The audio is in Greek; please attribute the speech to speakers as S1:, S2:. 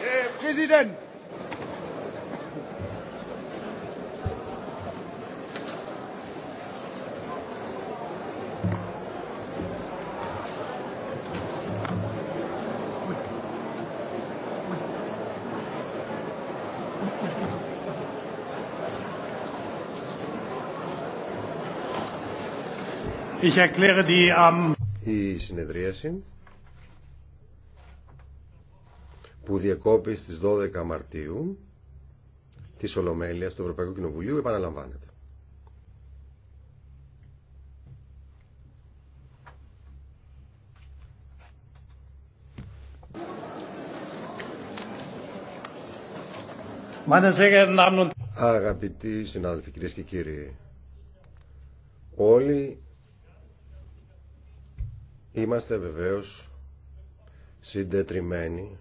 S1: Herr Präsident!
S2: Ich erkläre die am... Η συνεδρίαση που διεκόπη στις 12 Μαρτίου της Ολομέλειας του Ευρωπαϊκού Κοινοβουλίου επαναλαμβάνεται. Αγαπητοί συνάδελφοι, κυρίες και κύριοι, όλοι είμαστε βεβαίως συντετριμένοι